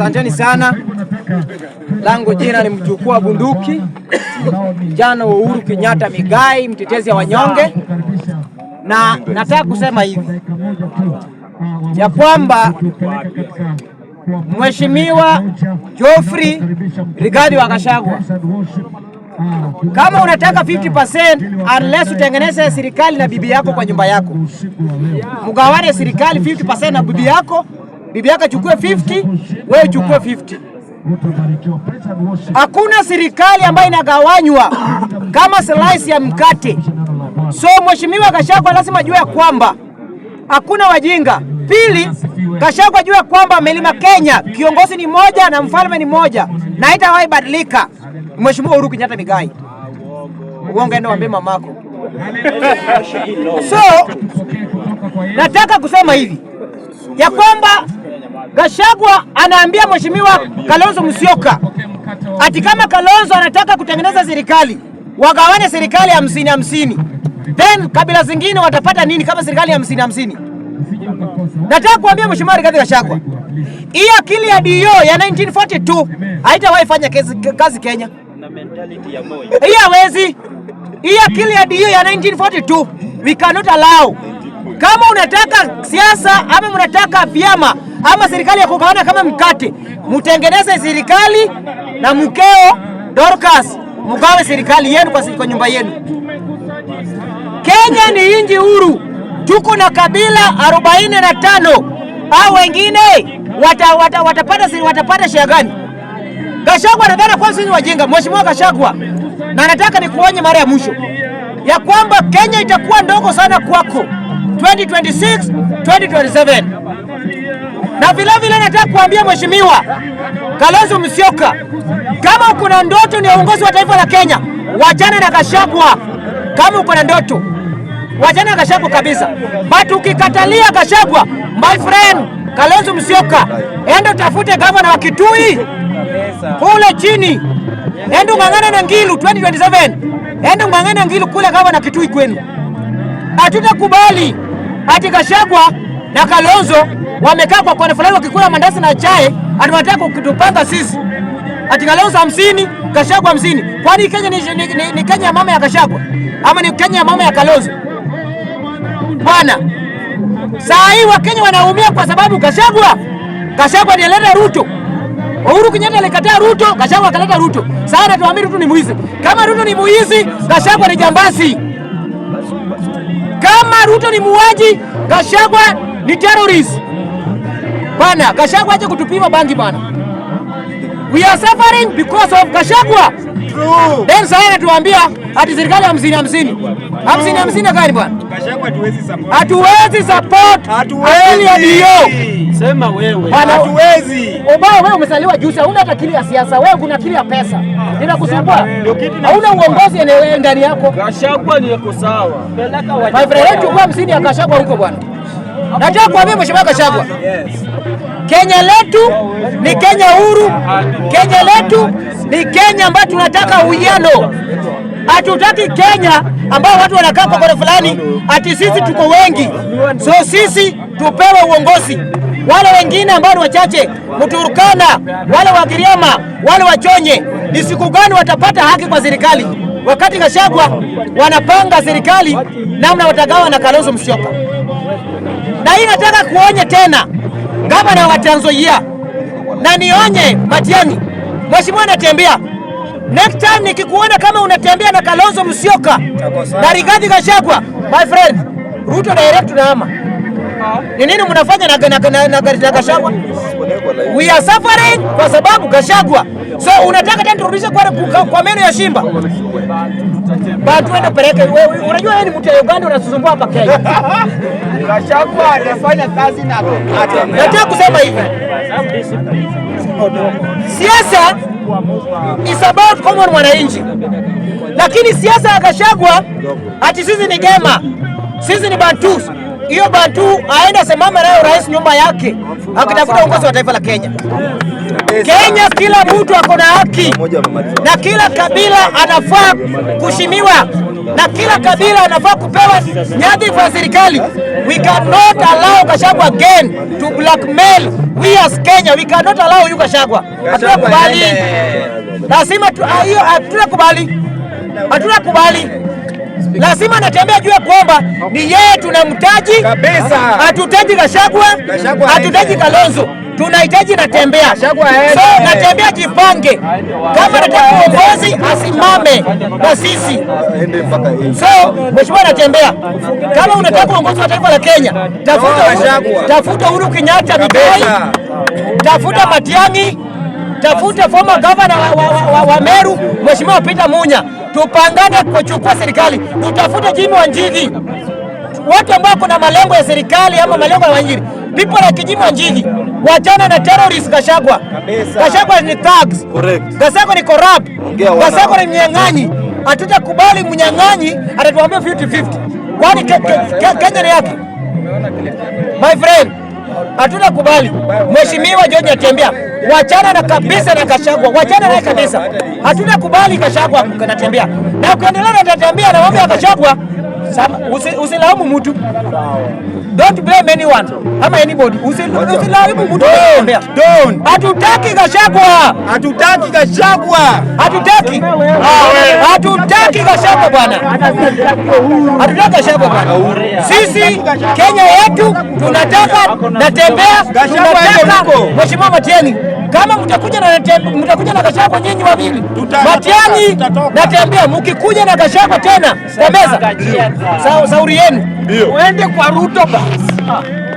Asanteni sana. Langu jina ni mchukua bunduki jana wa Uhuru Kenyatta Migai, mtetezi wa wanyonge, na nataka kusema hivi ya kwamba Mheshimiwa Geoffrey Rigadi wa kashagwa kama unataka 50% unless utengeneze serikali na bibi yako kwa nyumba yako, mgawane serikali 50% na bibi yako bibi yake achukue 50, wewe uchukue 50. Hakuna serikali ambayo inagawanywa kama slice ya mkate. So mheshimiwa Gachagua lazima ajue ya kwamba hakuna wajinga. Pili, Gachagua ajue kwamba Mlima Kenya kiongozi ni moja na mfalme ni moja na haitawahi badilika. Mheshimiwa Uhuru Kenyatta Migai, uongo enda waambie mamako. So nataka kusema hivi ya kwamba Gashagwa anaambia mheshimiwa Kalonzo Musyoka ati kama Kalonzo anataka kutengeneza serikali wagawane serikali hamsini hamsini, then kabila zingine watapata nini kama serikali hamsini hamsini? Nataka kuambia mheshimiwa Rigathi Gashagwa, hii akili ya DO ya 1942 haitawahi fanya kazi Kenya. Hii hawezi, hii akili ya DO ya 1942 we cannot allow. Kama unataka siasa ama unataka vyama ama serikali ya kukaona kama mkate, mtengeneze serikali na mkeo Dorcas, mgawe serikali yenu kwa, kwa nyumba yenu. Kenya ni inji huru, tuko na kabila 45 au wengine watapata wata, watapata watapata shia gani? Gashagwa anadhana kwa sisi wajinga. Mheshimiwa Gashagwa, na nataka nikuonye mara ya mwisho ya kwamba Kenya itakuwa ndogo sana kwako 2026 2027. Na vilevile nataka kuambia mheshimiwa Kalonzo Musyoka, kama uko na ndoto ni uongozi wa taifa la Kenya, wachana na Gachagua. Kama uko na ndoto wachana na Gachagua kabisa, but ukikatalia Gachagua, my friend Kalonzo Musyoka, enda utafute gavana wa Kitui kule chini, enda ung'ang'ana na Ngilu 2027 enda ung'ang'ana na Ngilu kule gavana Kitui kwenu. Hatutakubali ati Gachagua na Kalonzo wamekaa kwa kona fulani wakikula mandazi na chai, anataka kutupanga sisi ati Kalonzo hamsini Gachagua hamsini. Kwani Kenya ni, ni, ni, ni Kenya ya mama ya Gachagua ama ni Kenya ya mama ya Kalonzo? Bwana, saa hii Wakenya wanaumia kwa sababu Gachagua Gachagua alileta Ruto. Uhuru Kenyatta alikataa Ruto, Gachagua akaleta Ruto. Sasa natuambia Ruto ni mwizi. Kama Ruto ni mwizi, Gachagua ni jambasi. Kama Ruto ni muuaji, Gachagua ni terrorist. Bana, Gachagua aje kutupima bangi bana. We are suffering because of Gachagua. True. Then sasa anatuambia ati serikali hamsini hamsini. Hamsini hamsini gani bwana? Gachagua hatuwezi support. Hatuwezi support. Hatuwezi. Ndio. Sema wewe. Bana, Hatuwezi. Obao wewe umesaliwa juu, hauna hata akili ya siasa. Wewe kuna akili ya pesa. Ninakusumbua. Hauna uongozi eneo ndani yako. Gachagua ni yako sawa. Peleka waje. My friend, chukua hamsini ya Gachagua huko bwana. Nataka kuambia mheshimiwa Gachagua. Yes. Kenya letu ni Kenya huru. Kenya letu ni Kenya ambayo tunataka uwiano. Hatutaki Kenya ambao watu wanakaa kwa kona fulani, ati sisi tuko wengi, so sisi tupewe uongozi. Wale wengine ambao ni wachache, Mturukana, wale wa Kiriama, wale Wachonye, ni siku gani watapata haki kwa serikali? Wakati Gachagua wanapanga serikali namna watagawa na Kalonzo Musyoka, na hii nataka kuonye tena gavana wa Tanzania, na nionye Matiang'i, mheshimiwa anatembea. Next time nikikuona kama unatembea na Kalonzo Musyoka na Rigathi Gachagua, my friend, Ruto direct tunaama. Ni nini mnafanya na Gachagua? We are suffering kwa sababu Gachagua So unataka tena turudishe kwa kwa meno ya shimba. Batu enda pereke. wewe. Unajua yeye ni mtu wa Uganda unasusumbua hapa Kenya. Kashakwa anafanya kazi na atembea. Nataka kusema hivi. Siasa is about common wananchi. Lakini siasa ya Gachagua ati sisi ni gema. Sisi ni Bantu. Hiyo Bantu aenda semama nayo rais nyumba yake akitafuta uongozi wa taifa la Kenya. Kenya kila mtu ako na haki na kila kabila anafaa kushimiwa na kila kabila anafaa kupewa nyadhifa ya serikali. We cannot allow Gachagua again to blackmail we as Kenya. We cannot allow you Gachagua. Hatuna kubali, lazima ah, hiyo, ah, hatuna kubali, hatuna kubali. Lazima anatembea juu ya kwamba ni yeye tunamtaji kabisa. Hatutaji Gachagua, hatutaji Kalonzo tunahitaji natembea. So natembea jipange, kama nataka uongozi asimame na sisi. So mheshimiwa natembea, kama unataka uongozi wa taifa la Kenya, tafuta tafuta Uhuru Kenyatta Migai, tafuta Matiang'i, tafuta former governor wa, wa, wa, wa Meru mheshimiwa Peter Munya, tupangane kuchukua serikali, tutafute Jimmy Wanjigi, watu ambao kuna malengo ya serikali ama malengo ya Wanjigi, people like Jimmy Wanjigi Wachana na terrorist kashagwa kashagwa ni thugs. Correct. ni corrupt. Gashagwa ni mnyang'anyi. Hatutakubali mnyang'anyi atatuambia 50-50. Kwani Kenya ni yake? My friend, hatutakubali. Mheshimiwa John Atembea, wachana na kabisa na kashagwa Wachana naye kabisa. Hatutakubali Gashagwa anatembea. Na ukiendelea na Atembea na mambo ya Gashagwa Usilaumu mtu. Don't blame anyone ama anybody. Usilaumu mtu. Hatutaki Gachagua. Hatutaki Gachagua. Hatutaki. Ah, hatutaki Gachagua bwana. Hatutaki Gachagua bwana. Sisi Kenya yetu tunataka natembea, tunataka Mheshimiwa Matiang'i kama mtakuja na mtakuja na Gachagua nyinyi wawili, Matiang'i natembea, mkikuja na Gachagua tena kwa meza Sauri yenu uende kwa Ruto basi.